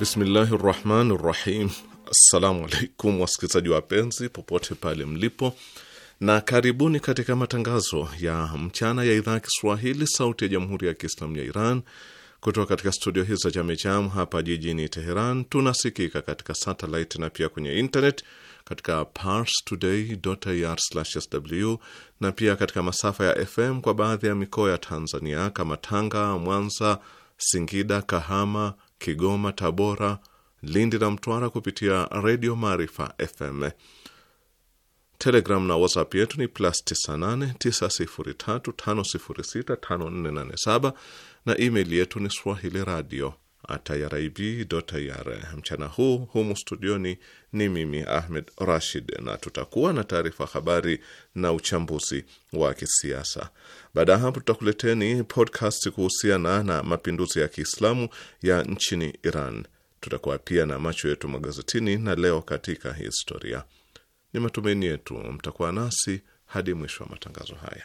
Bismillahi rahmani rahim. Assalamu alaikum wasikilizaji wapenzi popote pale mlipo, na karibuni katika matangazo ya mchana ya idhaa ya Kiswahili sauti ya jamhuri ya Kiislamu ya Iran kutoka katika studio hizi za Jamecham hapa jijini Teheran. Tunasikika katika satelit na pia kwenye internet katika parstoday.ir/sw na pia katika masafa ya FM kwa baadhi ya mikoa ya Tanzania kama Tanga, Mwanza, Singida, Kahama, Kigoma, Tabora, Lindi na Mtwara kupitia Redio Maarifa FM. Telegram na WhatsApp yetu ni plus 989035065487 na email yetu ni swahili radio irib.ir. Mchana huu humu studioni ni mimi Ahmed Rashid, na tutakuwa na taarifa habari na uchambuzi wa kisiasa. Baada ya hapo, tutakuleteni podcast kuhusiana na mapinduzi ya Kiislamu ya nchini Iran. Tutakuwa pia na macho yetu magazetini na leo katika historia. Ni matumaini yetu mtakuwa nasi hadi mwisho wa matangazo haya.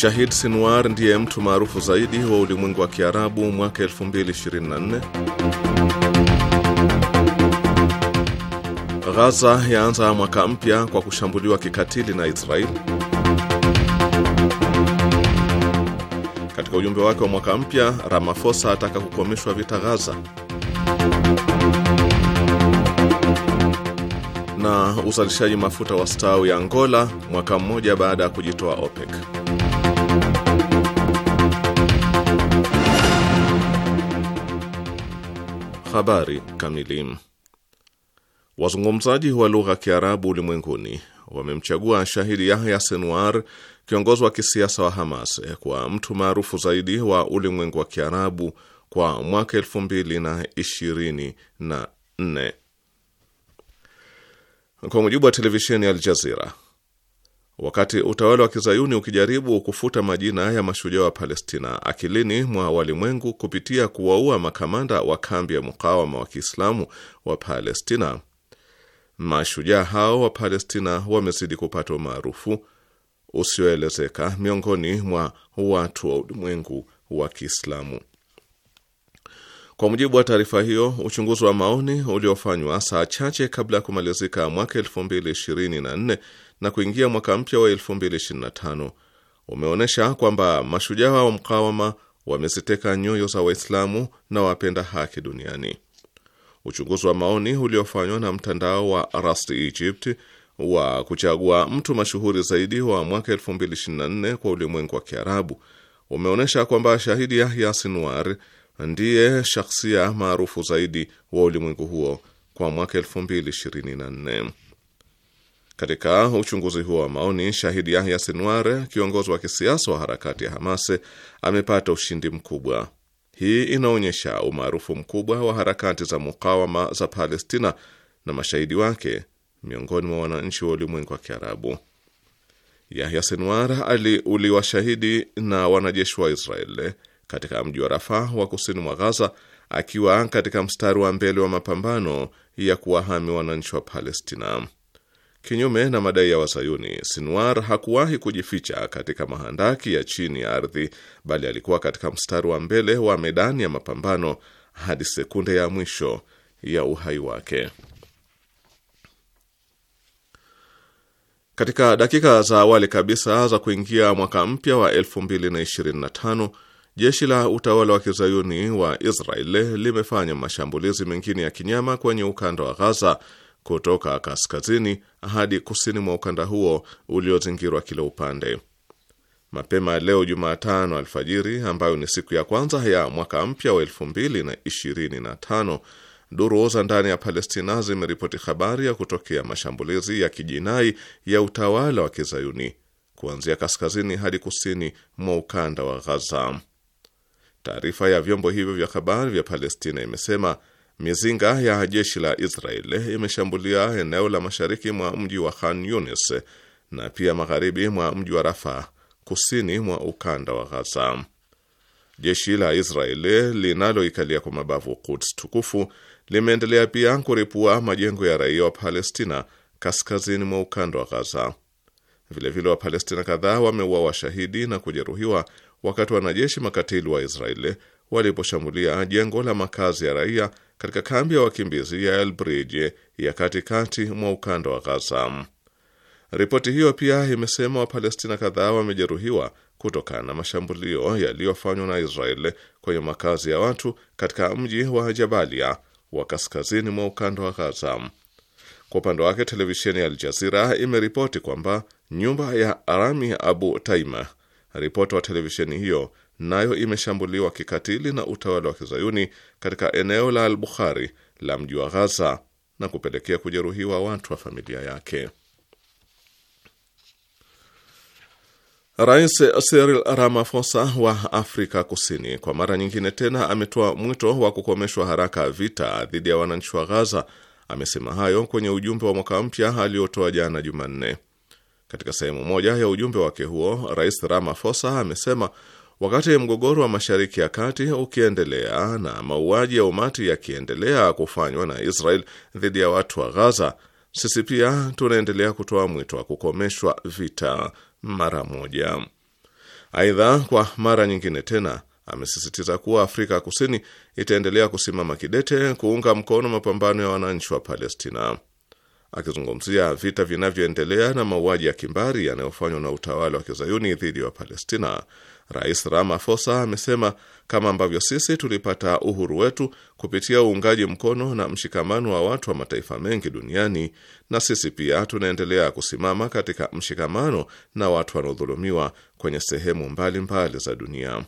Shahid Sinwar ndiye mtu maarufu zaidi wa ulimwengu wa Kiarabu mwaka 2024. Ghaza yaanza mwaka mpya kwa kushambuliwa kikatili na Israeli. Katika ujumbe wake wa mwaka mpya, Ramaphosa ataka kukomeshwa vita Ghaza. Na uzalishaji mafuta wa stawi ya Angola mwaka mmoja baada ya kujitoa OPEC. Habari kamili. Wazungumzaji wa lugha ya Kiarabu ulimwenguni wamemchagua shahidi Yahya Sinwar, kiongozi wa kisiasa wa Hamas, kwa mtu maarufu zaidi wa ulimwengu wa Kiarabu kwa mwaka elfu mbili na ishirini na nne kwa mujibu wa televisheni ya Aljazira. Wakati utawala wa kizayuni ukijaribu kufuta majina ya mashujaa wa Palestina akilini mwa walimwengu kupitia kuwaua makamanda wa kambi ya mukawama wa Kiislamu wa Palestina, mashujaa hao wa Palestina wamezidi kupata umaarufu usioelezeka miongoni mwa watu wa ulimwengu wa Kiislamu. Kwa mujibu wa taarifa hiyo, uchunguzi wa maoni uliofanywa saa chache kabla ya kumalizika mwaka 2024 na kuingia mwaka mpya wa 2025 umeonyesha kwamba mashujaa wa mkawama wameziteka nyoyo za Waislamu na wapenda haki duniani. Uchunguzi wa maoni uliofanywa na mtandao wa Rust Egypt wa kuchagua mtu mashuhuri zaidi wa mwaka 2024 kwa ulimwengu wa Kiarabu umeonyesha kwamba shahidi Yahya Sinwar ndiye shakhsia maarufu zaidi wa ulimwengu huo kwa mwaka 2024. Katika uchunguzi huo wa maoni, shahidi Yahya Sinwar, kiongozi wa kisiasa wa harakati ya Hamas, amepata ushindi mkubwa. Hii inaonyesha umaarufu mkubwa wa harakati za mukawama za Palestina na mashahidi wake miongoni mwa wananchi wa ulimwengu wa Kiarabu. Yahya Sinwar aliuliwa shahidi na wanajeshi wa Israeli katika mji wa Rafah wa kusini mwa Ghaza, akiwa katika mstari wa mbele wa mapambano ya kuwahami wananchi wa Palestina. Kinyume na madai ya Wazayuni, Sinwar hakuwahi kujificha katika mahandaki ya chini ya ardhi, bali alikuwa katika mstari wa mbele wa medani ya mapambano hadi sekunde ya mwisho ya uhai wake. Katika dakika za awali kabisa za kuingia mwaka mpya wa 2025 Jeshi la utawala wa kizayuni wa Israel limefanya mashambulizi mengine ya kinyama kwenye ukanda wa Ghaza kutoka kaskazini hadi kusini mwa ukanda huo uliozingirwa kila upande. Mapema leo Jumatano alfajiri, ambayo ni siku ya kwanza ya mwaka mpya wa elfu mbili na ishirini na tano, duru za ndani ya Palestina zimeripoti habari ya kutokea mashambulizi ya kijinai ya utawala wa kizayuni kuanzia kaskazini hadi kusini mwa ukanda wa Ghaza. Taarifa ya vyombo hivyo vya habari vya Palestina imesema mizinga ya jeshi la Israel imeshambulia eneo la mashariki mwa mji wa Khan Yunis na pia magharibi mwa mji wa rafa kusini mwa ukanda wa Ghaza. Jeshi la Israeli linaloikalia kwa mabavu Quds tukufu limeendelea pia kuripua majengo ya raia wa Palestina kaskazini mwa ukanda wa Ghaza. Vilevile Wapalestina kadhaa wameua washahidi na kujeruhiwa wakati wanajeshi makatili wa Israeli waliposhambulia jengo la makazi ya raia katika kambi ya wakimbizi ya el Bridge ya katikati mwa ukanda wa Gaza. Ripoti hiyo pia imesema Wapalestina kadhaa wamejeruhiwa kutokana na mashambulio yaliyofanywa na Israeli kwenye makazi ya watu katika mji wa Jabalia wa kaskazini mwa ukanda wa Gaza. Kwa upande wake, televisheni ya Aljazira imeripoti kwamba nyumba ya Rami Abu Taima Ripoti wa televisheni hiyo nayo imeshambuliwa kikatili na utawala wa kizayuni katika eneo la Albukhari la mji wa Ghaza na kupelekea kujeruhiwa watu wa familia yake. Rais Cyril Ramaphosa wa Afrika Kusini kwa mara nyingine tena ametoa mwito wa kukomeshwa haraka vita dhidi ya wananchi wa Ghaza. Amesema hayo kwenye ujumbe wa mwaka mpya aliotoa jana Jumanne. Katika sehemu moja ya ujumbe wake huo, Rais Ramaphosa amesema wakati mgogoro wa Mashariki ya Kati ukiendelea na mauaji ya umati yakiendelea kufanywa na Israel dhidi ya watu wa Gaza, sisi pia tunaendelea kutoa mwito wa kukomeshwa vita mara moja. Aidha, kwa mara nyingine tena amesisitiza kuwa Afrika Kusini itaendelea kusimama kidete kuunga mkono mapambano ya wananchi wa Palestina. Akizungumzia vita vinavyoendelea na mauaji ya kimbari yanayofanywa na utawala wa kizayuni dhidi ya wa Palestina, Rais Ramaphosa amesema kama ambavyo sisi tulipata uhuru wetu kupitia uungaji mkono na mshikamano wa watu wa mataifa mengi duniani, na sisi pia tunaendelea kusimama katika mshikamano na watu wanaodhulumiwa kwenye sehemu mbalimbali mbali za dunia.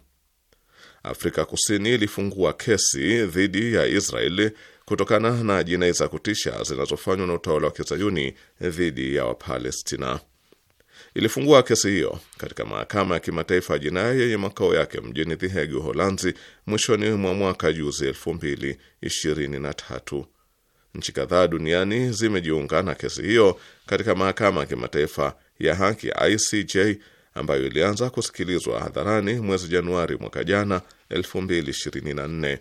Afrika Kusini ilifungua kesi dhidi ya Israeli kutokana na jinai za kutisha zinazofanywa na utawala wa kizayuni dhidi ya Wapalestina. Ilifungua kesi hiyo katika mahakama ya kimataifa ya jinai yenye makao yake mjini The Hague, Uholanzi, mwishoni mwa mwaka juzi 223 Nchi kadhaa duniani zimejiunga na kesi hiyo katika mahakama ya kimataifa ya haki ICJ ambayo ilianza kusikilizwa hadharani mwezi Januari mwaka jana 2024.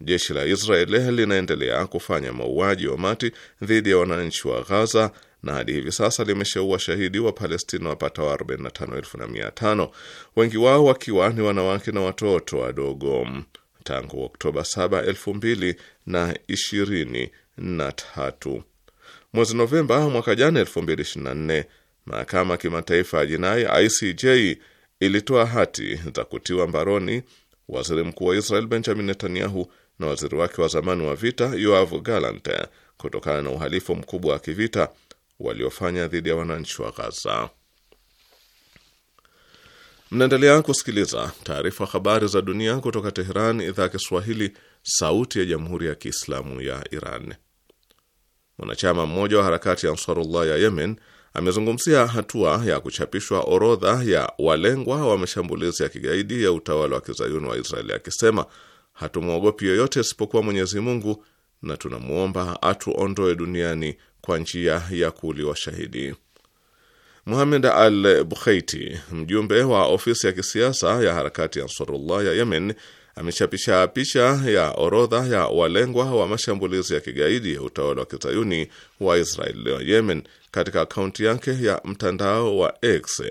Jeshi la Israeli linaendelea kufanya mauaji umati dhidi ya wananchi wa Ghaza na hadi hivi sasa limeshaua shahidi wa Palestina wapatao 45,500 wengi wao wakiwa ni wanawake na watoto wadogo tangu Oktoba 7, 2023. Mwezi Novemba mwaka jana 2024, mahakama ya kimataifa ya jinai ICJ ilitoa hati za kutiwa mbaroni waziri mkuu wa Israel Benjamin Netanyahu na waziri wake wa zamani wa vita Yoav Gallant kutokana na uhalifu mkubwa wa kivita waliofanya dhidi ya wananchi wa Gaza. Mnaendelea kusikiliza taarifa habari za dunia kutoka Teheran, idhaa ya Kiswahili, sauti ya jamhuri ya kiislamu ya Iran. Mwanachama mmoja wa harakati ya Ansarullah ya Yemen amezungumzia hatua ya kuchapishwa orodha ya walengwa wa mashambulizi ya kigaidi ya utawala wa kizayuni wa Israeli akisema hatumwogopi yoyote isipokuwa Mwenyezi Mungu na tunamwomba atuondoe duniani kwa njia ya kuuliwa shahidi. Muhamed Al Bukheiti, mjumbe wa ofisi ya kisiasa ya harakati ya Ansarullah ya Yemen, amechapisha picha ya orodha ya walengwa wa mashambulizi ya kigaidi ya utawala wa kizayuni wa Israel leo Yemen katika akaunti yake ya mtandao wa X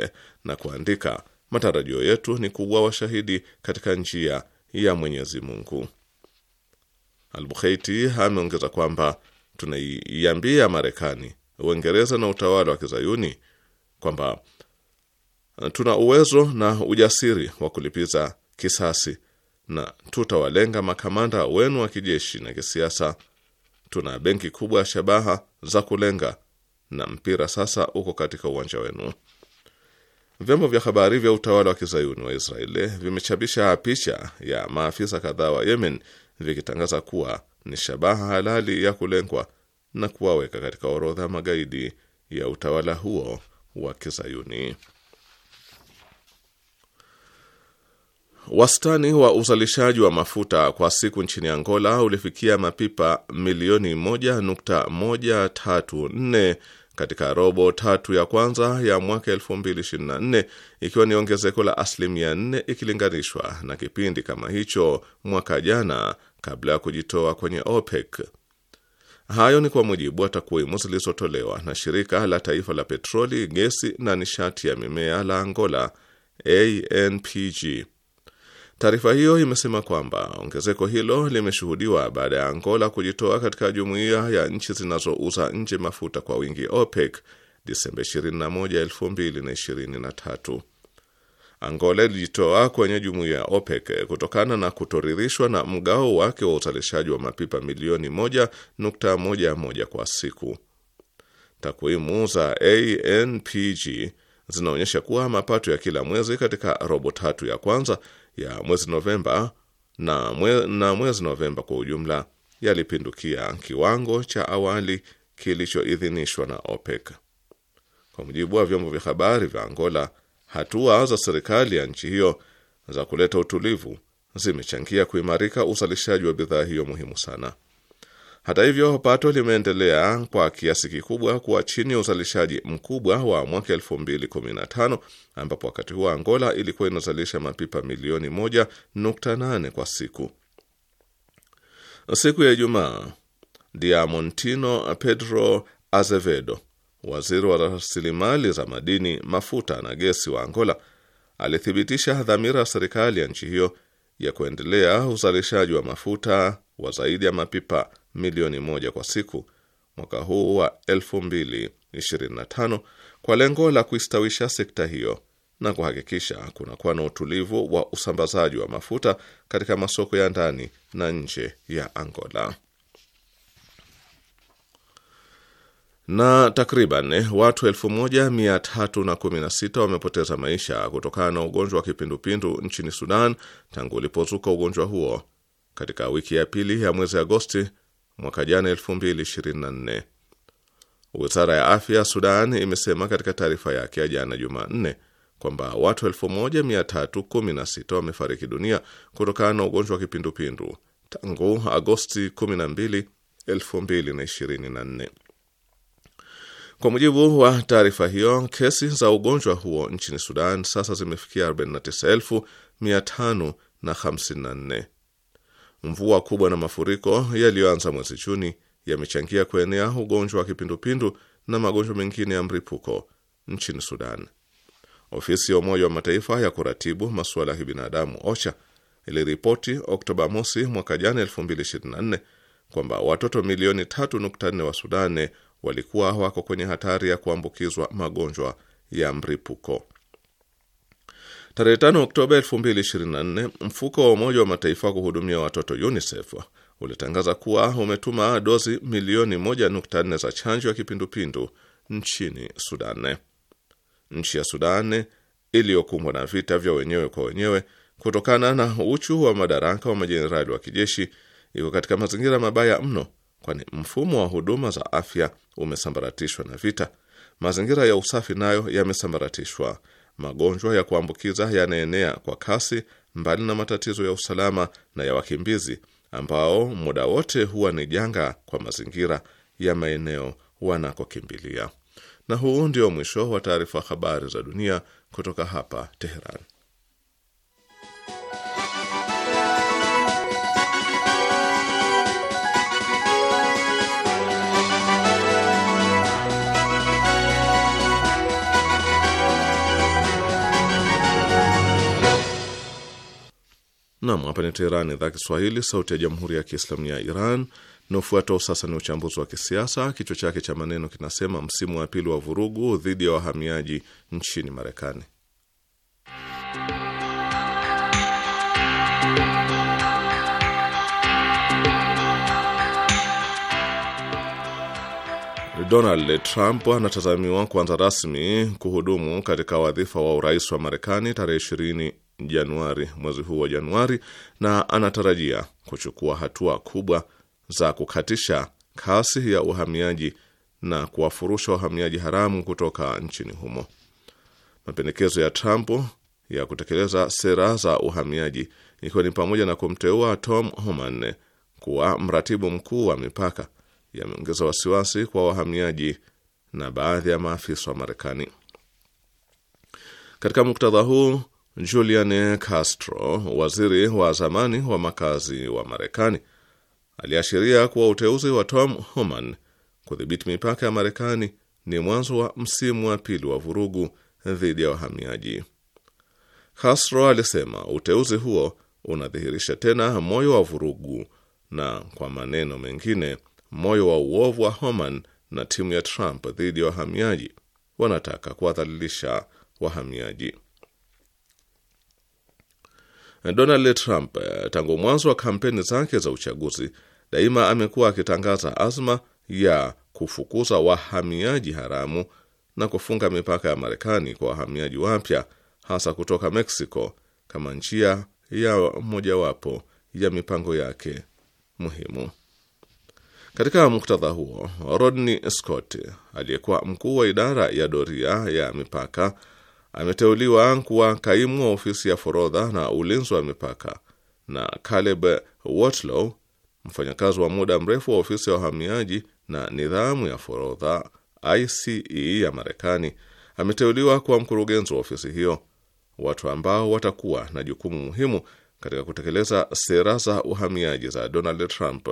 na kuandika, matarajio yetu ni kuwa washahidi katika njia ya Mwenyezi Mungu. Albukheiti ameongeza kwamba tunaiambia Marekani, Uingereza na utawala wa kizayuni kwamba uh, tuna uwezo na ujasiri wa kulipiza kisasi na tutawalenga makamanda wenu wa kijeshi na kisiasa. Tuna benki kubwa ya shabaha za kulenga na mpira sasa uko katika uwanja wenu. Vyombo vya habari vya utawala wa kizayuni wa Israeli vimechapisha picha ya maafisa kadhaa wa Yemen vikitangaza kuwa ni shabaha halali ya kulengwa na kuwaweka katika orodha magaidi ya utawala huo wa kizayuni. Wastani wa uzalishaji wa mafuta kwa siku nchini Angola ulifikia mapipa milioni 1.134 katika robo tatu ya kwanza ya mwaka 2024 ikiwa ni ongezeko la asilimia 4 ikilinganishwa na kipindi kama hicho mwaka jana kabla ya kujitoa kwenye OPEC. Hayo ni kwa mujibu wa takwimu zilizotolewa na shirika la taifa la petroli, gesi na nishati ya mimea la Angola, ANPG. Taarifa hiyo imesema kwamba ongezeko hilo limeshuhudiwa baada ya Angola kujitoa katika jumuiya ya nchi zinazouza nje mafuta kwa wingi OPEC Disemba 21, 2023. Angola ilijitoa kwenye jumuiya ya OPEC kutokana na kutoridhishwa na mgao wake wa uzalishaji wa mapipa milioni 1.11 kwa siku. Takwimu za ANPG zinaonyesha kuwa mapato ya kila mwezi katika robo tatu ya kwanza ya mwezi Novemba na, mwe, na mwezi Novemba kwa ujumla yalipindukia kiwango cha awali kilichoidhinishwa na OPEC. Kwa mujibu wa vyombo vya habari vya Angola, hatua za serikali ya nchi hiyo za kuleta utulivu zimechangia kuimarika uzalishaji wa bidhaa hiyo muhimu sana. Hata hivyo, pato limeendelea kwa kiasi kikubwa kuwa chini ya uzalishaji mkubwa wa mwaka 2015 ambapo wakati huo Angola ilikuwa inazalisha mapipa milioni 1.8 kwa siku. Siku ya Ijumaa, diamontino Pedro Azevedo, waziri wa rasilimali za madini, mafuta na gesi wa Angola, alithibitisha dhamira ya serikali ya nchi hiyo ya kuendelea uzalishaji wa mafuta wa zaidi ya mapipa milioni moja kwa siku mwaka huu wa 2025 kwa lengo la kuistawisha sekta hiyo na kuhakikisha kunakuwa na utulivu wa usambazaji wa mafuta katika masoko ya ndani na nje ya Angola. Na takriban watu 1316 wamepoteza maisha kutokana na ugonjwa wa kipindupindu nchini Sudan tangu ulipozuka ugonjwa huo katika wiki ya pili ya mwezi Agosti mwaka jana 2024. Wizara ya afya ya Sudan imesema katika taarifa yake ya jana Jumanne kwamba watu 1316 wamefariki dunia kutokana na ugonjwa wa kipindupindu tangu Agosti 12, 2024. Kwa mujibu wa taarifa hiyo, kesi za ugonjwa huo nchini Sudan sasa zimefikia 49554. Mvua kubwa na mafuriko yaliyoanza mwezi Juni yamechangia kuenea ugonjwa wa kipindupindu na magonjwa mengine ya mripuko nchini Sudan. Ofisi ya Umoja wa Mataifa ya kuratibu masuala ya kibinadamu OCHA iliripoti Oktoba mosi mwaka jana 2024 kwamba watoto milioni 3.4 wa Sudani walikuwa wako kwenye hatari ya kuambukizwa magonjwa ya mripuko. Tarehe 5 Oktoba 2024 mfuko wa Umoja wa Mataifa wa kuhudumia watoto UNICEF ulitangaza kuwa umetuma dozi milioni 1.4 za chanjo ya kipindupindu nchini Sudan. Nchi ya Sudan iliyokumbwa na vita vya wenyewe kwa wenyewe kutokana na uchu wa madaraka wa majenerali wa kijeshi iko katika mazingira mabaya mno, kwani mfumo wa huduma za afya umesambaratishwa na vita. Mazingira ya usafi nayo yamesambaratishwa magonjwa ya kuambukiza yanaenea kwa kasi, mbali na matatizo ya usalama na ya wakimbizi ambao muda wote huwa ni janga kwa mazingira ya maeneo wanakokimbilia. Na huu ndio mwisho wa taarifa habari za dunia kutoka hapa Teheran. Nam, hapa ni Teherani, idhaa Kiswahili, sauti ya jamhuri ya kiislamu ya Iran. Na ufuatao sasa ni uchambuzi wa kisiasa, kichwa chake cha maneno kinasema msimu wa pili wa vurugu dhidi ya wahamiaji nchini Marekani. Donald Trump anatazamiwa kuanza rasmi kuhudumu katika wadhifa wa urais wa Marekani tarehe 20 Januari mwezi huu wa Januari, na anatarajia kuchukua hatua kubwa za kukatisha kasi ya uhamiaji na kuwafurusha wahamiaji haramu kutoka nchini humo. Mapendekezo ya Trump ya kutekeleza sera za uhamiaji ikiwa ni pamoja na kumteua Tom Homan kuwa mratibu mkuu wa mipaka yameongeza wasiwasi kwa wahamiaji na baadhi ya maafisa wa Marekani. Katika muktadha huu Julian Castro, waziri wa zamani wa makazi wa Marekani, aliashiria kuwa uteuzi wa Tom Homan kudhibiti mipaka ya Marekani ni mwanzo wa msimu wa pili wa vurugu dhidi ya wahamiaji. Castro alisema uteuzi huo unadhihirisha tena moyo wa vurugu na kwa maneno mengine, moyo wa uovu wa Homan na timu ya Trump dhidi ya wahamiaji. Wanataka kuwadhalilisha wahamiaji. Donald Trump eh, tangu mwanzo wa kampeni zake za uchaguzi daima amekuwa akitangaza azma ya kufukuza wahamiaji haramu na kufunga mipaka ya Marekani kwa wahamiaji wapya hasa kutoka Mexico kama njia ya mojawapo ya mipango yake muhimu. Katika muktadha huo, Rodney Scott aliyekuwa mkuu wa idara ya doria ya mipaka ameteuliwa kuwa kaimu wa ofisi ya forodha na ulinzi wa mipaka, na Caleb Watlow, mfanyakazi wa muda mrefu wa ofisi ya uhamiaji na nidhamu ya forodha ICE ya Marekani, ameteuliwa kuwa mkurugenzi wa ofisi hiyo, watu ambao watakuwa na jukumu muhimu katika kutekeleza sera za uhamiaji za Donald Trump,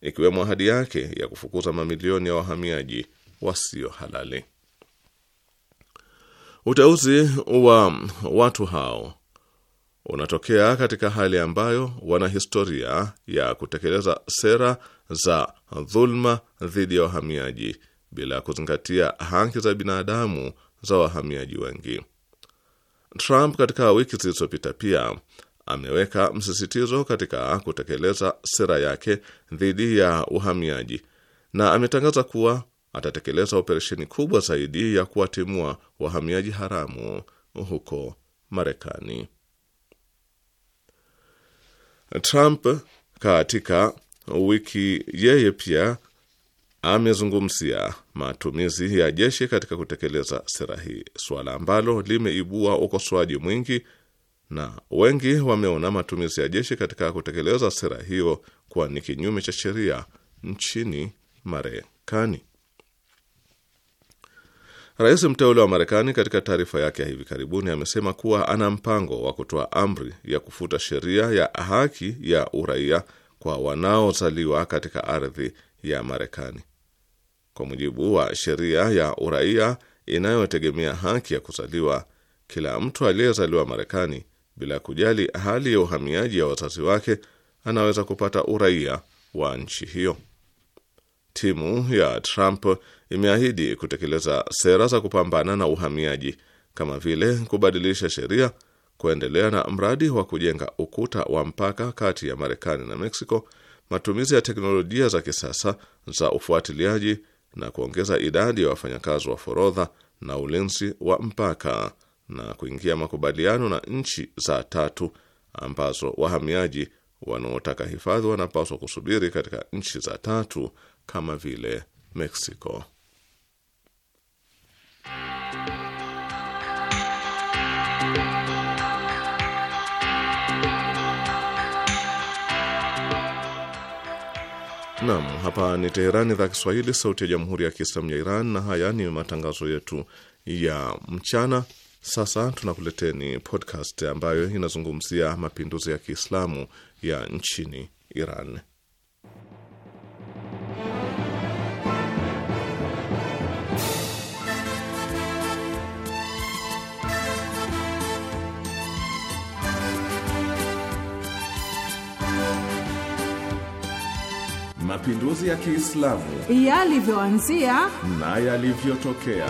ikiwemo ahadi yake ya kufukuza mamilioni ya wahamiaji wasio halali. Uteuzi wa watu hao unatokea katika hali ambayo wana historia ya kutekeleza sera za dhulma dhidi ya wahamiaji bila kuzingatia haki za binadamu za wahamiaji wengi. Trump katika wiki zilizopita pia ameweka msisitizo katika kutekeleza sera yake dhidi ya uhamiaji na ametangaza kuwa atatekeleza operesheni kubwa zaidi ya kuwatimua wahamiaji haramu huko Marekani. Trump katika wiki yeye pia amezungumzia matumizi ya jeshi katika kutekeleza sera hii, suala ambalo limeibua ukosoaji mwingi na wengi wameona matumizi ya jeshi katika kutekeleza sera hiyo kuwa ni kinyume cha sheria nchini Marekani. Rais mteule wa Marekani katika taarifa yake ya hivi karibuni amesema kuwa ana mpango wa kutoa amri ya kufuta sheria ya haki ya uraia kwa wanaozaliwa katika ardhi ya Marekani. Kwa mujibu wa sheria ya uraia inayotegemea haki ya kuzaliwa, kila mtu aliyezaliwa Marekani bila kujali hali ya uhamiaji ya wazazi wake anaweza kupata uraia wa nchi hiyo. Timu ya Trump imeahidi kutekeleza sera za kupambana na uhamiaji kama vile kubadilisha sheria, kuendelea na mradi wa kujenga ukuta wa mpaka kati ya Marekani na Mexico, matumizi ya teknolojia za kisasa za ufuatiliaji na kuongeza idadi ya wafanyakazi wa forodha na ulinzi wa mpaka na kuingia makubaliano na nchi za tatu ambazo wahamiaji wanaotaka hifadhi wanapaswa kusubiri katika nchi za tatu kama vile Mexico. Nam, hapa ni Teherani, idhaa Kiswahili, sauti ya jamhuri ya kiislamu ya Iran, na haya ni matangazo yetu ya mchana. Sasa tunakuleteni podcast ambayo inazungumzia mapinduzi ya Kiislamu ya nchini Iran. mapinduzi ya Kiislamu yalivyoanzia na yalivyotokea.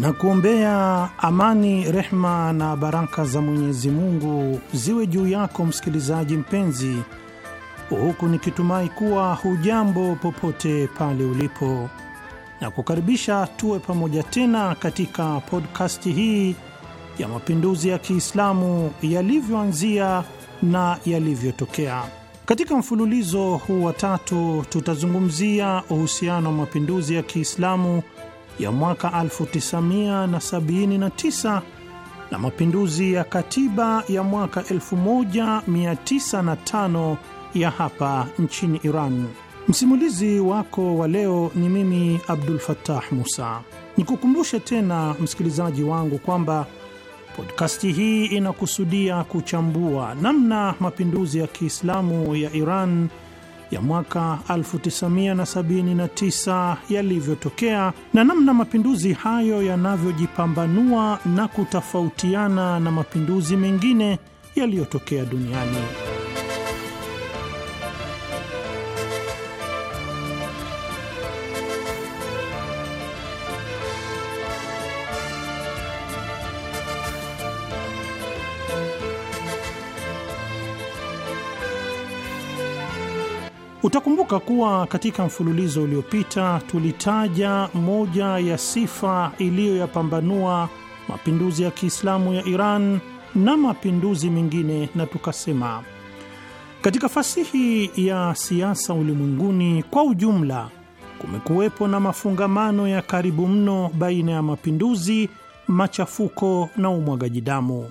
na kuombea amani, rehma na baraka za Mwenyezi Mungu ziwe juu yako msikilizaji mpenzi huku nikitumai kuwa hujambo popote pale ulipo na kukaribisha tuwe pamoja tena katika podkasti hii ya mapinduzi ya Kiislamu yalivyoanzia na yalivyotokea. Katika mfululizo huu wa tatu tutazungumzia uhusiano wa mapinduzi ya Kiislamu ya mwaka 1979 na, mapinduzi ya katiba ya mwaka 1905 ya hapa nchini Iran. Msimulizi wako wa leo ni mimi Abdul Fattah Musa. Nikukumbushe tena msikilizaji wangu kwamba podkasti hii inakusudia kuchambua namna mapinduzi ya Kiislamu ya Iran ya mwaka 1979 yalivyotokea na namna mapinduzi hayo yanavyojipambanua na kutofautiana na mapinduzi mengine yaliyotokea duniani. Utakumbuka kuwa katika mfululizo uliopita tulitaja moja ya sifa iliyoyapambanua mapinduzi ya Kiislamu ya Iran na mapinduzi mengine, na tukasema katika fasihi ya siasa ulimwenguni kwa ujumla kumekuwepo na mafungamano ya karibu mno baina ya mapinduzi, machafuko na umwagaji damu,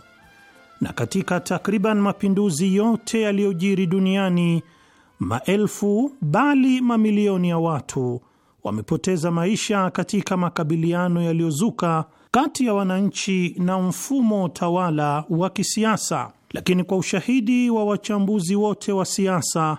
na katika takriban mapinduzi yote yaliyojiri duniani Maelfu bali mamilioni ya watu wamepoteza maisha katika makabiliano yaliyozuka kati ya wananchi na mfumo tawala wa kisiasa. Lakini kwa ushahidi wa wachambuzi wote wa siasa,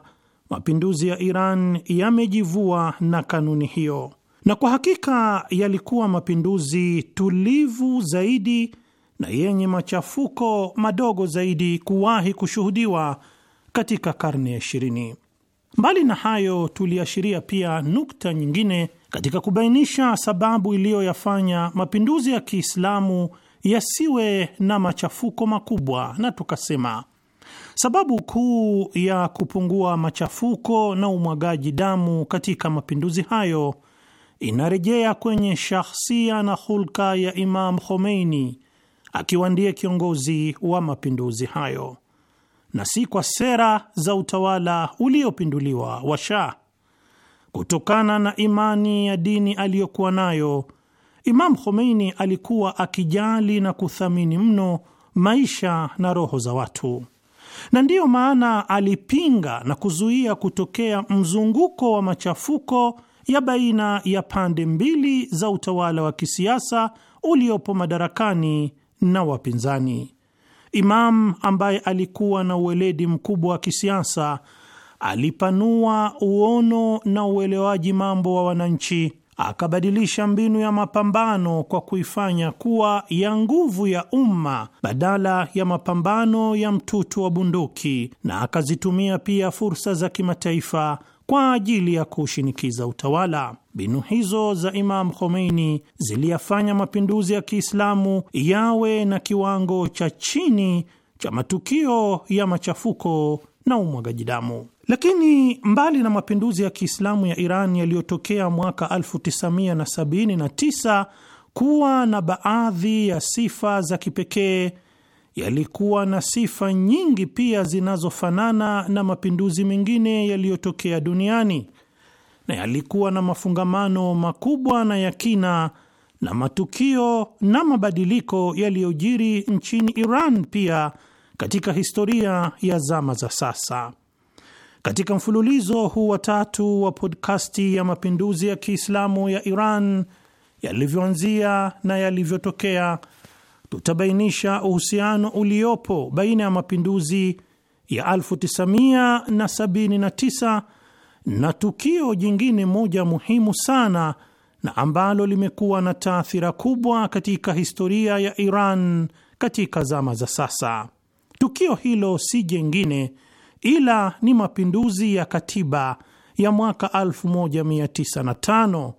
mapinduzi ya Iran yamejivua na kanuni hiyo, na kwa hakika yalikuwa mapinduzi tulivu zaidi na yenye machafuko madogo zaidi kuwahi kushuhudiwa katika karne ya ishirini. Mbali na hayo, tuliashiria pia nukta nyingine katika kubainisha sababu iliyoyafanya mapinduzi ya Kiislamu yasiwe na machafuko makubwa, na tukasema sababu kuu ya kupungua machafuko na umwagaji damu katika mapinduzi hayo inarejea kwenye shahsia na hulka ya Imam Khomeini akiwa ndiye kiongozi wa mapinduzi hayo na si kwa sera za utawala uliopinduliwa wa Shah. Kutokana na imani ya dini aliyokuwa nayo, Imam Khomeini alikuwa akijali na kuthamini mno maisha na roho za watu, na ndiyo maana alipinga na kuzuia kutokea mzunguko wa machafuko ya baina ya pande mbili za utawala wa kisiasa uliopo madarakani na wapinzani. Imam ambaye alikuwa na uweledi mkubwa wa kisiasa alipanua uono na uelewaji mambo wa wananchi, akabadilisha mbinu ya mapambano kwa kuifanya kuwa ya nguvu ya umma badala ya mapambano ya mtutu wa bunduki, na akazitumia pia fursa za kimataifa kwa ajili ya kushinikiza utawala. Mbinu hizo za Imam Khomeini ziliyafanya mapinduzi ya Kiislamu yawe na kiwango cha chini cha matukio ya machafuko na umwagaji damu. Lakini mbali na mapinduzi ya Kiislamu ya Iran yaliyotokea mwaka 1979 kuwa na baadhi ya sifa za kipekee yalikuwa na sifa nyingi pia zinazofanana na mapinduzi mengine yaliyotokea duniani na yalikuwa na mafungamano makubwa na ya kina na matukio na mabadiliko yaliyojiri nchini Iran pia katika historia ya zama za sasa. Katika mfululizo huu wa tatu wa podkasti ya mapinduzi ya Kiislamu ya Iran yalivyoanzia na yalivyotokea tutabainisha uhusiano uliopo baina ya mapinduzi ya 1979 na tukio jingine moja muhimu sana na ambalo limekuwa na taathira kubwa katika historia ya Iran katika zama za sasa. Tukio hilo si jengine ila ni mapinduzi ya katiba ya mwaka 1905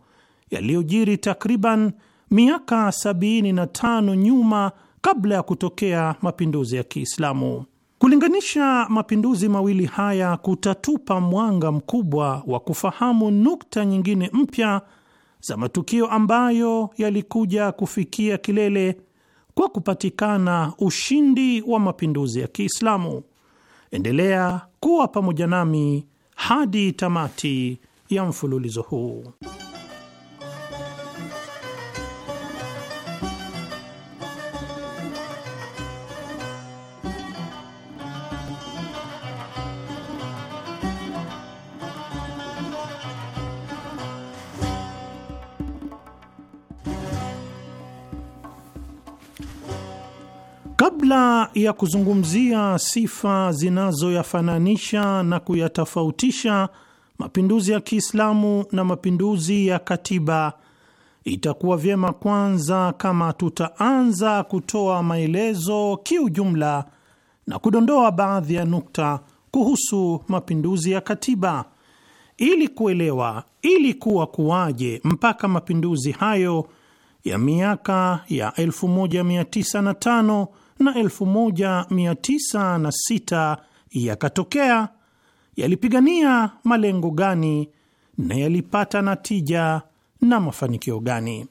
yaliyojiri takriban miaka sabini na tano nyuma kabla ya kutokea mapinduzi ya Kiislamu. Kulinganisha mapinduzi mawili haya kutatupa mwanga mkubwa wa kufahamu nukta nyingine mpya za matukio ambayo yalikuja kufikia kilele kwa kupatikana ushindi wa mapinduzi ya Kiislamu. Endelea kuwa pamoja nami hadi tamati ya mfululizo huu. Kabla ya kuzungumzia sifa zinazoyafananisha na kuyatofautisha mapinduzi ya Kiislamu na mapinduzi ya katiba, itakuwa vyema kwanza kama tutaanza kutoa maelezo kiujumla na kudondoa baadhi ya nukta kuhusu mapinduzi ya katiba ili kuelewa ili kuwa kuwaje mpaka mapinduzi hayo ya miaka ya 1905 na 1906 yakatokea, yalipigania malengo gani na yalipata natija na mafanikio gani?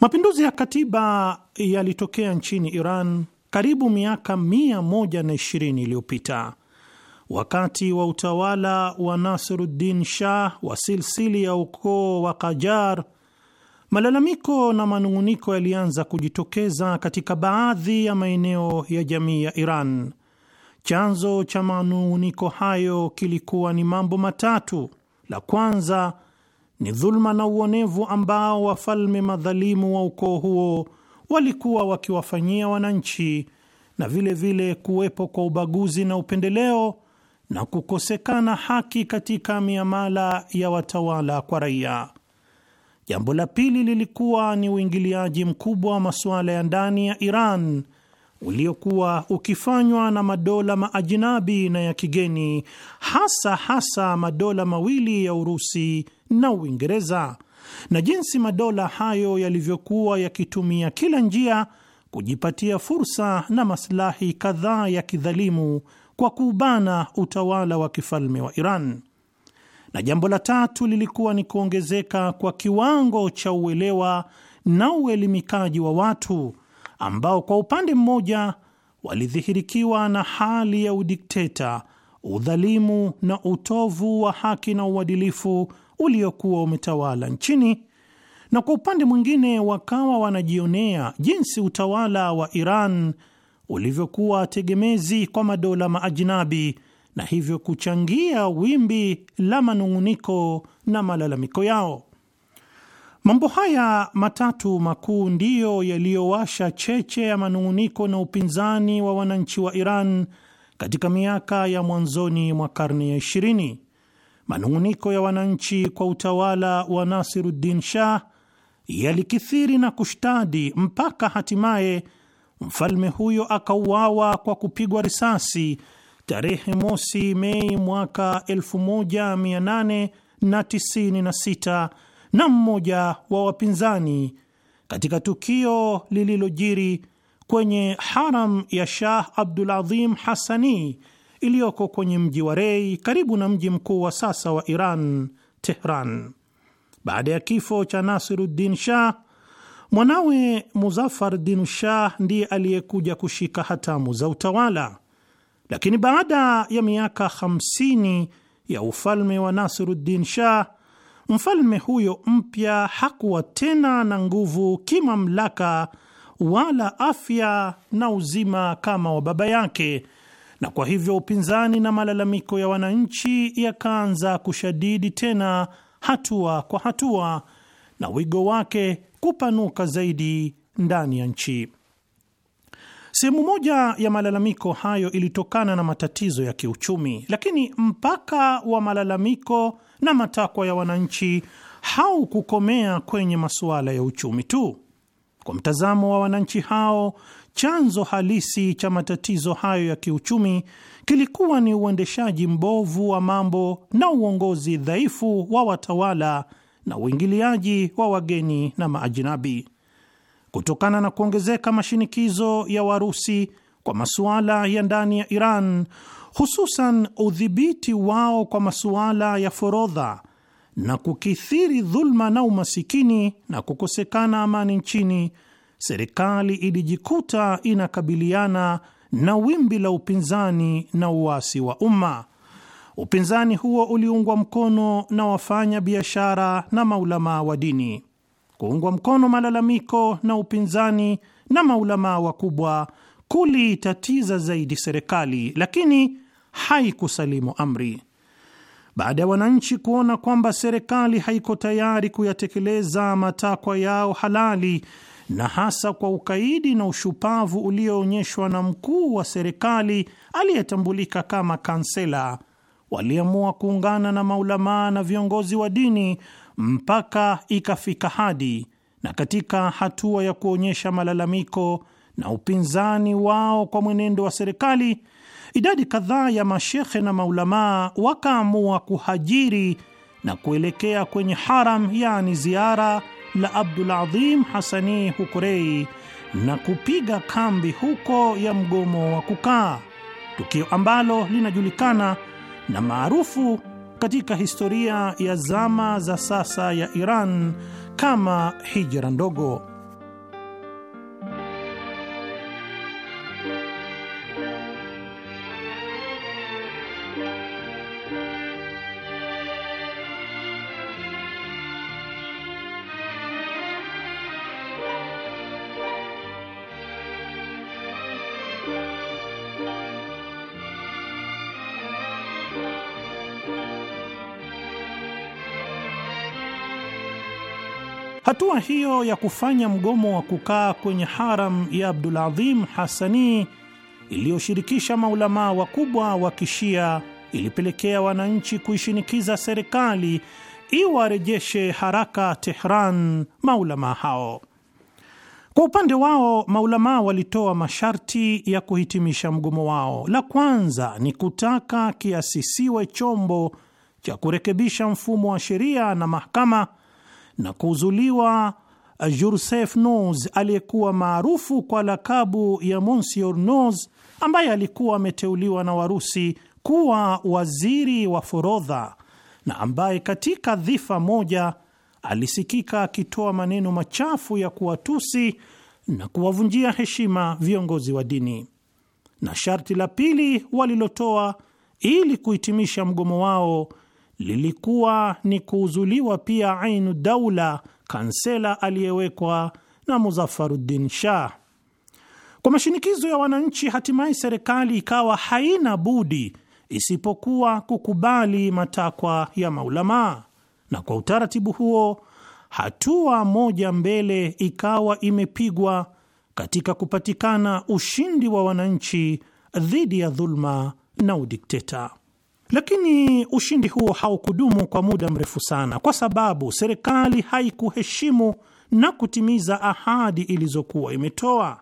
Mapinduzi ya katiba yalitokea nchini Iran karibu miaka 120 iliyopita wakati wa utawala wa Nasiruddin Shah wa silsili ya ukoo wa Kajar Malalamiko na manung'uniko yalianza kujitokeza katika baadhi ya maeneo ya jamii ya Iran. Chanzo cha manung'uniko hayo kilikuwa ni mambo matatu. La kwanza ni dhuluma na uonevu ambao wafalme madhalimu wa ukoo huo walikuwa wakiwafanyia wananchi, na vilevile vile kuwepo kwa ubaguzi na upendeleo na kukosekana haki katika miamala ya watawala kwa raia. Jambo la pili lilikuwa ni uingiliaji mkubwa wa masuala ya ndani ya Iran uliokuwa ukifanywa na madola maajinabi na ya kigeni, hasa hasa madola mawili ya Urusi na Uingereza, na jinsi madola hayo yalivyokuwa yakitumia kila njia kujipatia fursa na maslahi kadhaa ya kidhalimu kwa kuubana utawala wa kifalme wa Iran na jambo la tatu lilikuwa ni kuongezeka kwa kiwango cha uelewa na uelimikaji wa watu ambao kwa upande mmoja walidhihirikiwa na hali ya udikteta, udhalimu na utovu wa haki na uadilifu uliokuwa umetawala nchini, na kwa upande mwingine wakawa wanajionea jinsi utawala wa Iran ulivyokuwa tegemezi kwa madola maajinabi na hivyo kuchangia wimbi la manung'uniko na malalamiko yao. Mambo haya matatu makuu ndiyo yaliyowasha cheche ya manung'uniko na upinzani wa wananchi wa Iran katika miaka ya mwanzoni mwa karne ya 20. Manung'uniko ya wananchi kwa utawala wa Nasiruddin Shah yalikithiri na kushtadi mpaka hatimaye mfalme huyo akauawa kwa kupigwa risasi tarehe mosi Mei mwaka 1896 na mmoja wa wapinzani katika tukio lililojiri kwenye haram ya Shah Abdul Azim hasani iliyoko kwenye mji wa Rei karibu na mji mkuu wa sasa wa Iran, Tehran. Baada ya kifo cha Nasiruddin Shah, mwanawe muzafar dinu Shah ndiye aliyekuja kushika hatamu za utawala. Lakini baada ya miaka 50 ya ufalme wa Nasiruddin Shah, mfalme huyo mpya hakuwa tena na nguvu kimamlaka wala afya na uzima kama wa baba yake, na kwa hivyo upinzani na malalamiko ya wananchi yakaanza kushadidi tena hatua kwa hatua, na wigo wake kupanuka zaidi ndani ya nchi. Sehemu moja ya malalamiko hayo ilitokana na matatizo ya kiuchumi, lakini mpaka wa malalamiko na matakwa ya wananchi haukukomea kwenye masuala ya uchumi tu. Kwa mtazamo wa wananchi hao, chanzo halisi cha matatizo hayo ya kiuchumi kilikuwa ni uendeshaji mbovu wa mambo na uongozi dhaifu wa watawala na uingiliaji wa wageni na maajinabi kutokana na kuongezeka mashinikizo ya Warusi kwa masuala ya ndani ya Iran, hususan udhibiti wao kwa masuala ya forodha na kukithiri dhulma na umasikini na kukosekana amani nchini, serikali ilijikuta inakabiliana na wimbi la upinzani na uasi wa umma. Upinzani huo uliungwa mkono na wafanya biashara na maulamaa wa dini kuungwa mkono malalamiko na upinzani na maulamaa wakubwa kuliitatiza zaidi serikali, lakini haikusalimu amri. Baada ya wananchi kuona kwamba serikali haiko tayari kuyatekeleza matakwa yao halali na hasa kwa ukaidi na ushupavu ulioonyeshwa na mkuu wa serikali aliyetambulika kama kansela, waliamua kuungana na maulamaa na viongozi wa dini mpaka ikafika hadi na katika hatua ya kuonyesha malalamiko na upinzani wao kwa mwenendo wa serikali, idadi kadhaa ya mashekhe na maulamaa wakaamua kuhajiri na kuelekea kwenye haram, yani ziara la Abdulazim Hasani Hukurei na kupiga kambi huko ya mgomo wa kukaa, tukio ambalo linajulikana na maarufu katika historia ya zama za sasa ya Iran kama hijra ndogo. Hatua hiyo ya kufanya mgomo wa kukaa kwenye haram ya Abdulazim Hasani iliyoshirikisha maulamaa wakubwa wa Kishia ilipelekea wananchi kuishinikiza serikali iwarejeshe haraka Tehran maulamaa hao. Kwa upande wao maulamaa walitoa masharti ya kuhitimisha mgomo wao. La kwanza ni kutaka kiasisiwe chombo cha kurekebisha mfumo wa sheria na mahakama na kuuzuliwa eh, Joseph Nos aliyekuwa maarufu kwa lakabu ya Monsieur Nos, ambaye alikuwa ameteuliwa na Warusi kuwa waziri wa forodha na ambaye katika dhifa moja alisikika akitoa maneno machafu ya kuwatusi na kuwavunjia heshima viongozi wa dini. Na sharti la pili walilotoa ili kuhitimisha mgomo wao lilikuwa ni kuuzuliwa pia Ainu Daula, kansela aliyewekwa na Muzaffaruddin Shah. Kwa mashinikizo ya wananchi, hatimaye serikali ikawa haina budi isipokuwa kukubali matakwa ya maulamaa, na kwa utaratibu huo hatua moja mbele ikawa imepigwa katika kupatikana ushindi wa wananchi dhidi ya dhulma na udikteta. Lakini ushindi huo haukudumu kwa muda mrefu sana, kwa sababu serikali haikuheshimu na kutimiza ahadi ilizokuwa imetoa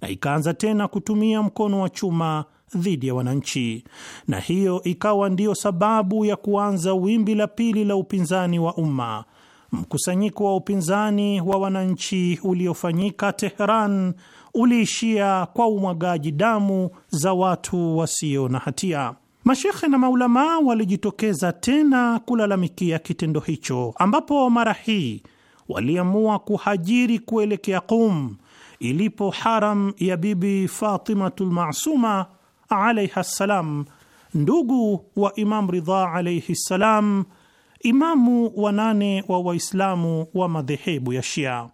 na ikaanza tena kutumia mkono wa chuma dhidi ya wananchi, na hiyo ikawa ndiyo sababu ya kuanza wimbi la pili la upinzani wa umma, mkusanyiko wa upinzani wa wananchi uliofanyika Tehran uliishia kwa umwagaji damu za watu wasio na hatia. Mashekhe na maulamaa walijitokeza tena kulalamikia kitendo hicho, ambapo mara hii waliamua kuhajiri kuelekea Qum ilipo haram ya Bibi Fatimatu lmasuma alaiha ssalam, ndugu wa Imam Ridha alaihi ssalam, imamu wa nane wa Waislamu wa madhehebu ya Shia.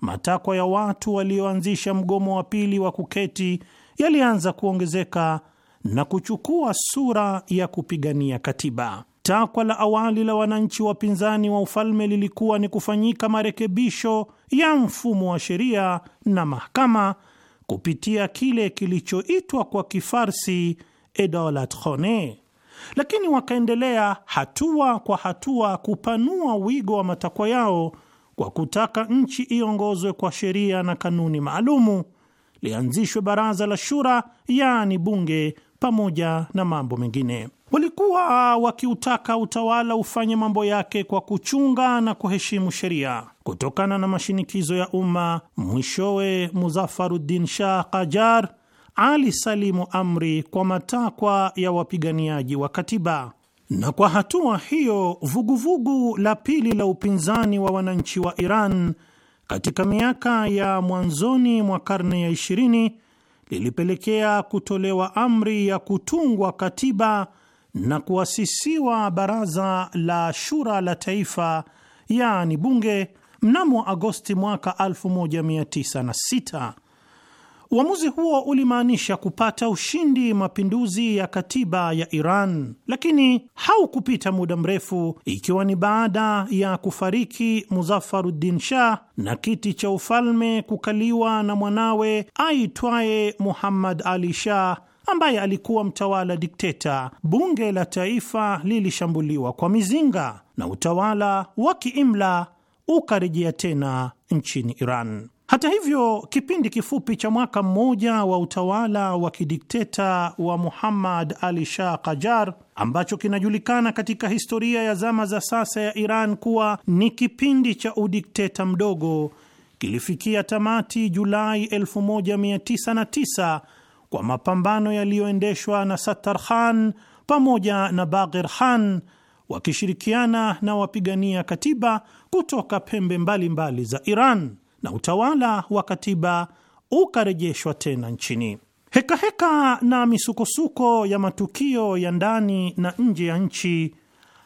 Matakwa ya watu walioanzisha mgomo wa pili wa kuketi yalianza kuongezeka na kuchukua sura ya kupigania katiba. Takwa la awali la wananchi wapinzani wa ufalme lilikuwa ni kufanyika marekebisho ya mfumo wa sheria na mahakama kupitia kile kilichoitwa kwa Kifarsi edolat khone, lakini wakaendelea hatua kwa hatua kupanua wigo wa matakwa yao kwa kutaka nchi iongozwe kwa sheria na kanuni maalumu, lianzishwe baraza la shura, yaani bunge pamoja na mambo mengine. Walikuwa wakiutaka utawala ufanye mambo yake kwa kuchunga na kuheshimu sheria. Kutokana na mashinikizo ya umma, mwishowe Muzaffaruddin Shah Qajar alisalimu amri kwa matakwa ya wapiganiaji wa katiba, na kwa hatua hiyo vuguvugu vugu la pili la upinzani wa wananchi wa Iran katika miaka ya mwanzoni mwa karne ya ishirini ilipelekea kutolewa amri ya kutungwa katiba na kuasisiwa baraza la shura la taifa, yaani bunge, mnamo Agosti mwaka 1906 Uamuzi huo ulimaanisha kupata ushindi mapinduzi ya katiba ya Iran, lakini haukupita muda mrefu, ikiwa ni baada ya kufariki Muzaffaruddin Shah na kiti cha ufalme kukaliwa na mwanawe aitwaye Muhammad Ali Shah ambaye alikuwa mtawala dikteta. Bunge la taifa lilishambuliwa kwa mizinga na utawala wa kiimla ukarejea tena nchini Iran. Hata hivyo, kipindi kifupi cha mwaka mmoja wa utawala wa kidikteta wa Muhammad Ali Shah Qajar ambacho kinajulikana katika historia ya zama za sasa ya Iran kuwa ni kipindi cha udikteta mdogo kilifikia tamati Julai 1909 kwa mapambano yaliyoendeshwa na Sattar Khan pamoja na Bagher Khan wakishirikiana na wapigania katiba kutoka pembe mbalimbali mbali za Iran na utawala wa katiba ukarejeshwa tena nchini. Hekaheka heka na misukosuko ya matukio ya ndani na nje ya nchi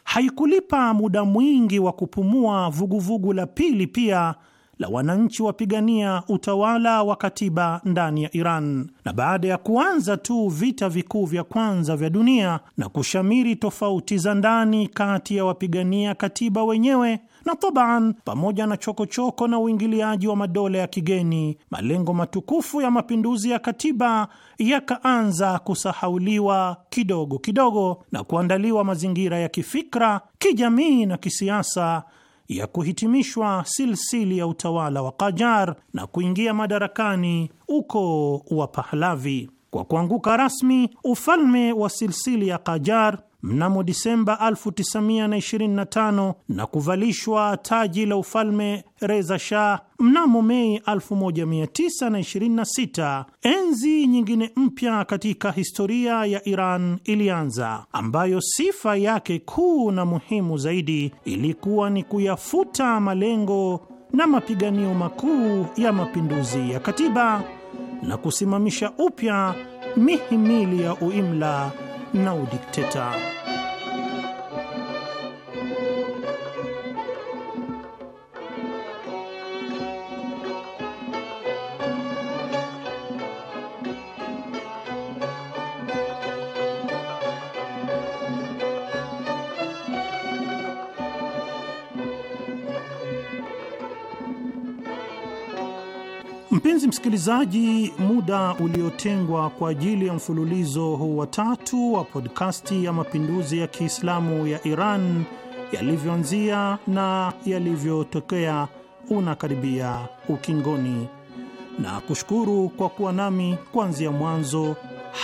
haikulipa muda mwingi wa kupumua vuguvugu vugu la pili pia la wananchi wapigania utawala wa katiba ndani ya Iran. Na baada ya kuanza tu vita vikuu vya kwanza vya dunia na kushamiri tofauti za ndani kati ya wapigania katiba wenyewe na taban, pamoja na chokochoko choko na uingiliaji wa madola ya kigeni, malengo matukufu ya mapinduzi ya katiba yakaanza kusahauliwa kidogo kidogo na kuandaliwa mazingira ya kifikra, kijamii na kisiasa ya kuhitimishwa silsili ya utawala wa Qajar na kuingia madarakani uko wa Pahlavi. Kwa kuanguka rasmi ufalme wa silsili ya Qajar mnamo Disemba 1925 na kuvalishwa taji la ufalme Reza Shah mnamo Mei 1926, enzi nyingine mpya katika historia ya Iran ilianza, ambayo sifa yake kuu na muhimu zaidi ilikuwa ni kuyafuta malengo na mapiganio makuu ya mapinduzi ya katiba na kusimamisha upya mihimili ya uimla na udikteta. Mpenzi msikilizaji, muda uliotengwa kwa ajili ya mfululizo huu wa tatu wa podkasti ya mapinduzi ya Kiislamu ya Iran yalivyoanzia na yalivyotokea unakaribia ukingoni, na kushukuru kwa kuwa nami kuanzia mwanzo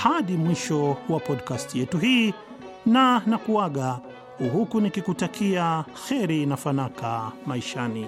hadi mwisho wa podkasti yetu hii, na na kuaga huku nikikutakia kheri na fanaka maishani.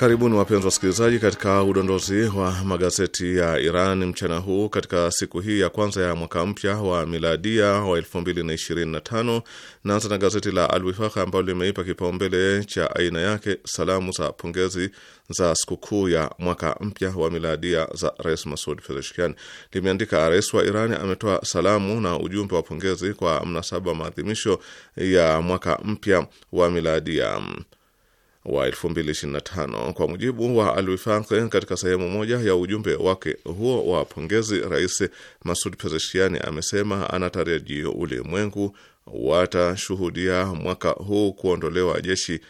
Karibuni wapenzi wasikilizaji, katika udondozi wa magazeti ya Iran mchana huu katika siku hii ya kwanza ya mwaka mpya wa miladia wa 2025. Naanza na gazeti la Al ambalo limeipa kipaumbele cha aina yake salamu za pongezi za sikukuu ya mwaka mpya wa miladia za Rais Masud Pezeshkian. Limeandika, rais wa Iran ametoa salamu na ujumbe wa pongezi kwa mnasaba maadhimisho ya mwaka mpya wa miladia wa 2025. Kwa mujibu wa Alwifaq, katika sehemu moja ya ujumbe wake huo wa pongezi, Rais Masud Pezeshiani amesema anatarajia ulimwengu watashuhudia mwaka huu kuondolewa jeshi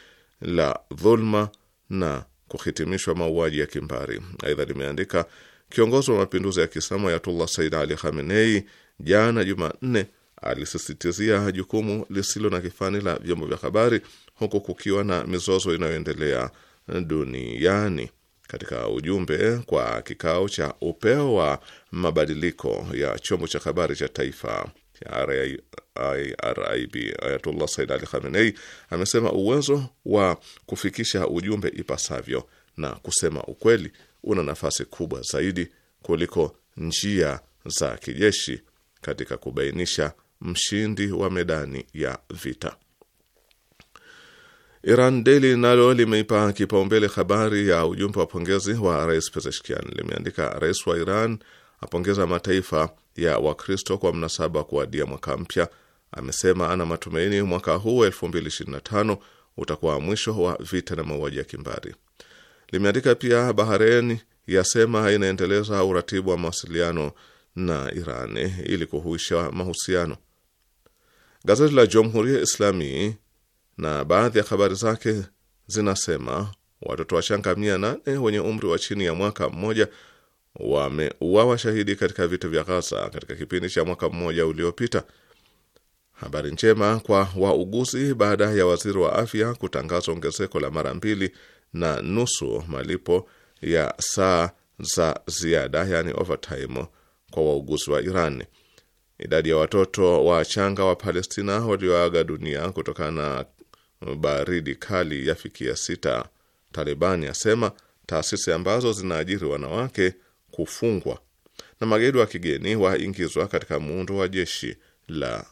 la dhulma na kuhitimishwa mauaji ya kimbari. Aidha limeandika kiongozi wa mapinduzi ya Kiislamu Ayatullah Said Ali Khamenei jana Jumanne alisisitizia jukumu lisilo na kifani la vyombo vya habari huku kukiwa na mizozo inayoendelea duniani. Katika ujumbe kwa kikao cha upeo wa mabadiliko ya chombo cha habari cha taifa ya IRIB, Ayatullah Said Ali Khamenei amesema uwezo wa kufikisha ujumbe ipasavyo na kusema ukweli una nafasi kubwa zaidi kuliko njia za kijeshi katika kubainisha mshindi wa medani ya vita. Iran Daily nalo limeipa kipaumbele habari ya ujumbe wa pongezi wa Rais Pezeshkian. Limeandika, rais wa Iran apongeza mataifa ya Wakristo kwa mnasaba kuadia mwaka mpya. Amesema ana matumaini mwaka huu 2025 utakuwa mwisho wa vita na mauaji ya kimbari. Limeandika pia, Bahrain yasema inaendeleza uratibu wa mawasiliano na Iran ili kuhuisha mahusiano. Gazeti la Jamhuri ya Islami na baadhi ya habari zake zinasema watoto wachanga mia nane wenye umri wa chini ya mwaka mmoja wameuawa shahidi katika vita vya Ghaza katika kipindi cha mwaka mmoja uliopita. Habari njema kwa wauguzi baada ya waziri wa afya kutangaza ongezeko la mara mbili na nusu malipo ya saa za ziada, yani overtime kwa wauguzi wa Iran. Idadi ya watoto wachanga wa Palestina walioaga dunia kutokana na baridi kali yafikia sita. Talibani asema taasisi ambazo zinaajiri wanawake kufungwa na magaidi wa kigeni waingizwa katika muundo wa jeshi la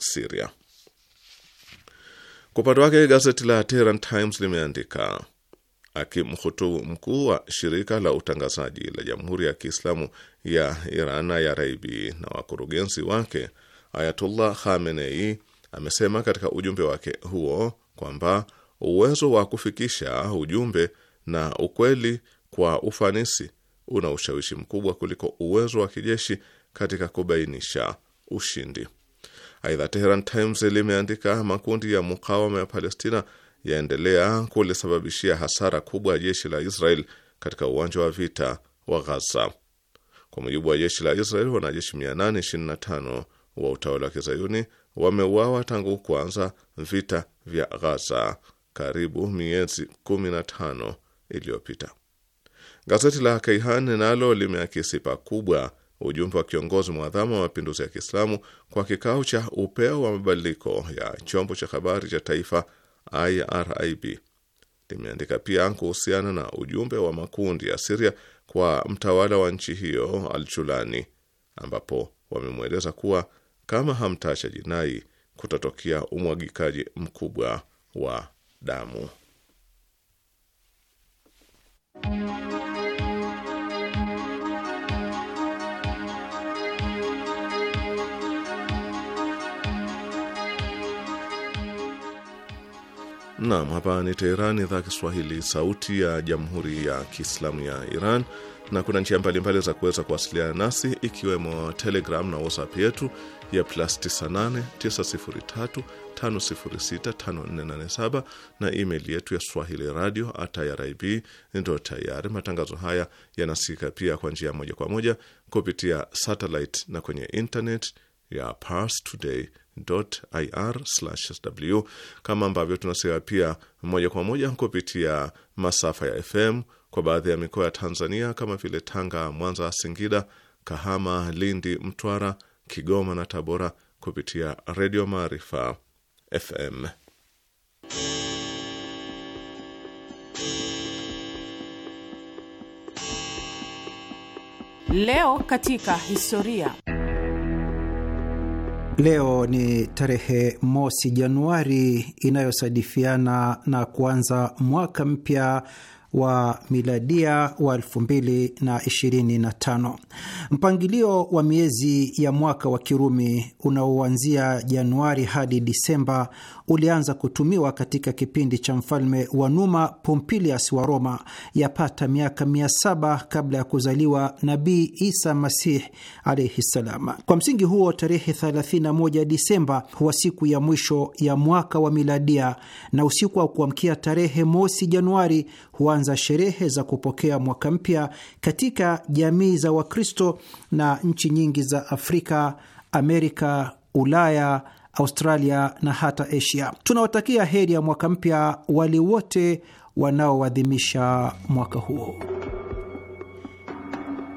Siria. Kwa upande wake gazeti la Tehran Times limeandika akimhutubu mkuu wa shirika la utangazaji la Jamhuri ya Kiislamu ya Iran ya Raibi na wakurugenzi wake Ayatullah Khamenei Amesema katika ujumbe wake huo kwamba uwezo wa kufikisha ujumbe na ukweli kwa ufanisi una ushawishi mkubwa kuliko uwezo wa kijeshi katika kubainisha ushindi. Aidha, Teheran Times limeandika makundi ya mukawama ya Palestina yaendelea kulisababishia hasara kubwa ya jeshi la Israel katika uwanja wa vita wa ghaza Kwa mujibu wa jeshi la Israel, wanajeshi 825 wa utawala wa kizayuni wameuawa tangu kuanza vita vya Ghaza karibu miezi 15 iliyopita. Gazeti la Kaihan nalo limeakisi pakubwa ujumbe wa kiongozi mwadhamu wa mapinduzi ya Kiislamu kwa kikao cha upeo wa mabadiliko ya chombo cha habari cha taifa IRIB. Limeandika pia kuhusiana na ujumbe wa makundi ya Siria kwa mtawala wa nchi hiyo Al Julani, ambapo wamemweleza kuwa kama hamtacha jinai, kutatokea umwagikaji mkubwa wa damu. nam hapa ni Teheran, idhaa ya Kiswahili, sauti ya jamhuri ya kiislamu ya Iran. Na kuna njia mbalimbali za kuweza kuwasiliana nasi, ikiwemo Telegram na WhatsApp yetu ya plus 989035065487 na email yetu ya swahili radio irib ndo tayari. Matangazo haya yanasikika pia kwa njia moja kwa moja kupitia satellite na kwenye internet ya parstoday.ir/sw, kama ambavyo tunasikika pia moja kwa moja kupitia masafa ya FM kwa baadhi ya mikoa ya Tanzania kama vile Tanga, Mwanza, Singida, Kahama, Lindi, Mtwara Kigoma na Tabora kupitia Redio Maarifa FM. Leo katika historia. Leo ni tarehe mosi Januari inayosadifiana na kuanza mwaka mpya wa miladia wa 2025. Mpangilio wa miezi ya mwaka wa Kirumi unaoanzia Januari hadi Disemba ulianza kutumiwa katika kipindi cha mfalme wa Numa Pompilius wa Roma yapata miaka 700 kabla ya kuzaliwa Nabii Isa Masih alaihi ssalam. Kwa msingi huo, tarehe 31 Disemba huwa siku ya mwisho ya mwaka wa miladia na usiku wa kuamkia tarehe mosi Januari huanza sherehe za kupokea mwaka mpya katika jamii za Wakristo na nchi nyingi za Afrika, Amerika, Ulaya, Australia na hata Asia. Tunawatakia heri ya mwaka mpya wale wote wanaoadhimisha mwaka huo.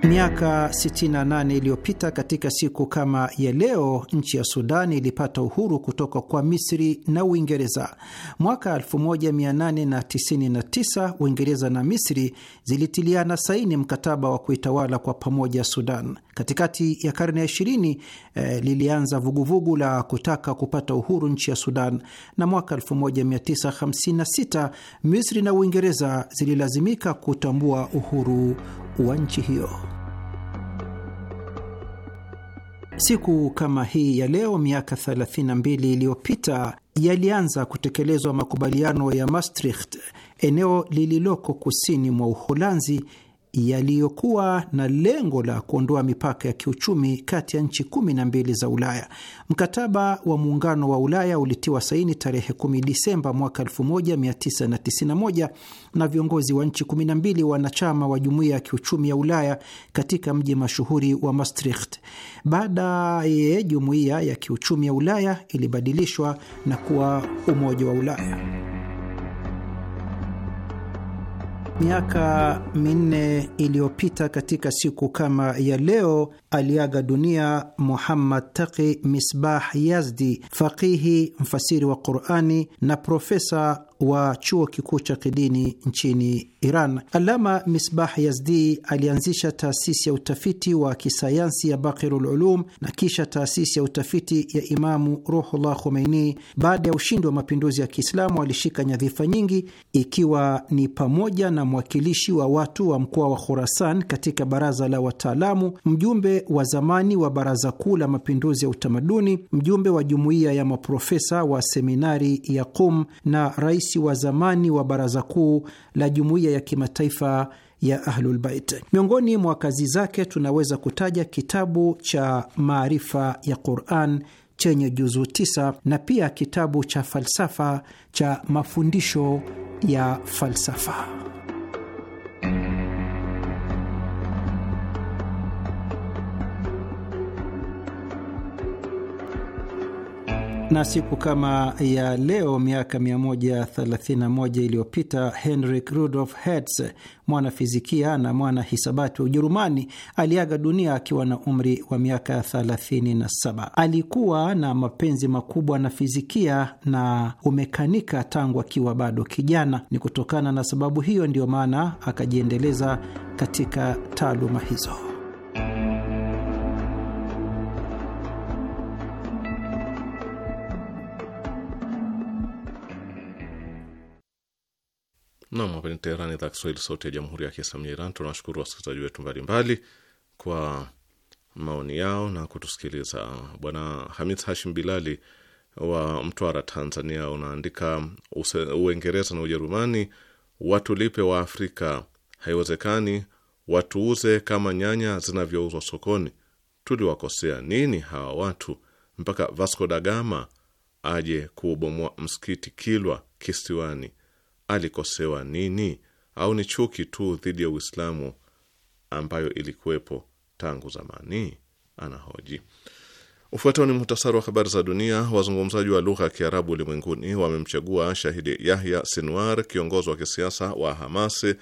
Miaka 68 iliyopita katika siku kama ya leo, nchi ya Sudan ilipata uhuru kutoka kwa Misri na Uingereza. Mwaka 1899 Uingereza na Misri zilitiliana saini mkataba wa kuitawala kwa pamoja Sudan. Katikati ya karne ya 20 eh, lilianza vuguvugu la kutaka kupata uhuru nchi ya Sudan, na mwaka 1956 Misri na Uingereza zililazimika kutambua uhuru wa nchi hiyo. Siku kama hii ya leo miaka 32 iliyopita yalianza kutekelezwa makubaliano ya Maastricht, eneo lililoko kusini mwa Uholanzi yaliyokuwa na lengo la kuondoa mipaka ya kiuchumi kati ya nchi kumi na mbili za Ulaya. Mkataba wa Muungano wa Ulaya ulitiwa saini tarehe 10 Disemba mwaka 1991 na viongozi wa nchi mbili wanachama wa Jumuiya ya Kiuchumi ya Ulaya katika mji mashuhuri wa Maastricht. Baadaye Jumuiya ya Kiuchumi ya Ulaya ilibadilishwa na kuwa Umoja wa Ulaya. Miaka minne iliyopita katika siku kama ya leo aliaga dunia Muhammad Taqi Misbah Yazdi, faqihi, mfasiri wa Qurani na profesa wa chuo kikuu cha kidini nchini Iran. Alama Misbah Yazdi alianzisha taasisi ya utafiti wa kisayansi ya Bakirul Ulum na kisha taasisi ya utafiti ya Imamu Ruhullah Khomeini. Baada ya ushindi wa mapinduzi ya Kiislamu, alishika nyadhifa nyingi, ikiwa ni pamoja na mwakilishi wa watu wa mkoa wa Khurasan katika baraza la wataalamu, mjumbe wa zamani wa Baraza Kuu la Mapinduzi ya Utamaduni, mjumbe wa Jumuiya ya Maprofesa wa Seminari ya Qum na rais wa zamani wa Baraza Kuu la Jumuiya ya Kimataifa ya Ahlulbait. Miongoni mwa kazi zake tunaweza kutaja kitabu cha Maarifa ya Quran chenye juzuu tisa na pia kitabu cha falsafa cha Mafundisho ya Falsafa. Na siku kama ya leo miaka 131 iliyopita Henrik Rudolf Hertz, mwanafizikia na mwana hisabati wa Ujerumani, aliaga dunia akiwa na umri wa miaka 37. Alikuwa na mapenzi makubwa na fizikia na umekanika tangu akiwa bado kijana. Ni kutokana na sababu hiyo ndiyo maana akajiendeleza katika taaluma hizo. Nam, hapa ni Teherani, idhaa Kiswahili, sauti ya jamhuri ya kiislamu ya Iran. Tunawashukuru wasikilizaji wetu mbalimbali kwa maoni yao na kutusikiliza. Bwana Hamid Hashim Bilali wa Mtwara, Tanzania, unaandika Uingereza na Ujerumani watulipe wa Afrika, haiwezekani watuuze kama nyanya zinavyouzwa sokoni. Tuliwakosea nini hawa watu mpaka Vasco da Gama aje kuubomoa msikiti Kilwa kisiwani alikosewa nini? Au ni chuki tu dhidi ya Uislamu ambayo ilikuwepo tangu zamani? Anahoji. Ufuatao ni muhtasari wa habari za dunia. Wazungumzaji wa lugha ya Kiarabu ulimwenguni wamemchagua shahidi Yahya Sinwar, kiongozi wa kisiasa wa Hamasi,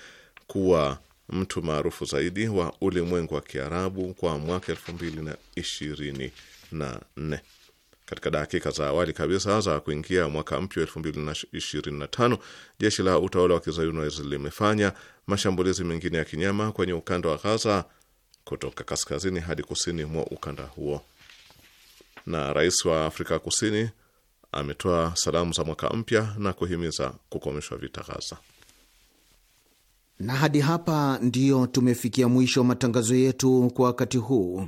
kuwa mtu maarufu zaidi wa ulimwengu wa Kiarabu kwa mwaka elfu mbili na ishirini na nne. Katika dakika za awali kabisa za kuingia mwaka mpya 2025 jeshi la utawala wa kizayuni limefanya mashambulizi mengine ya kinyama kwenye ukanda wa Ghaza kutoka kaskazini hadi kusini mwa ukanda huo. Na rais wa Afrika Kusini ametoa salamu za mwaka mpya na kuhimiza kukomeshwa vita Ghaza. Na hadi hapa ndiyo tumefikia mwisho wa matangazo yetu kwa wakati huu.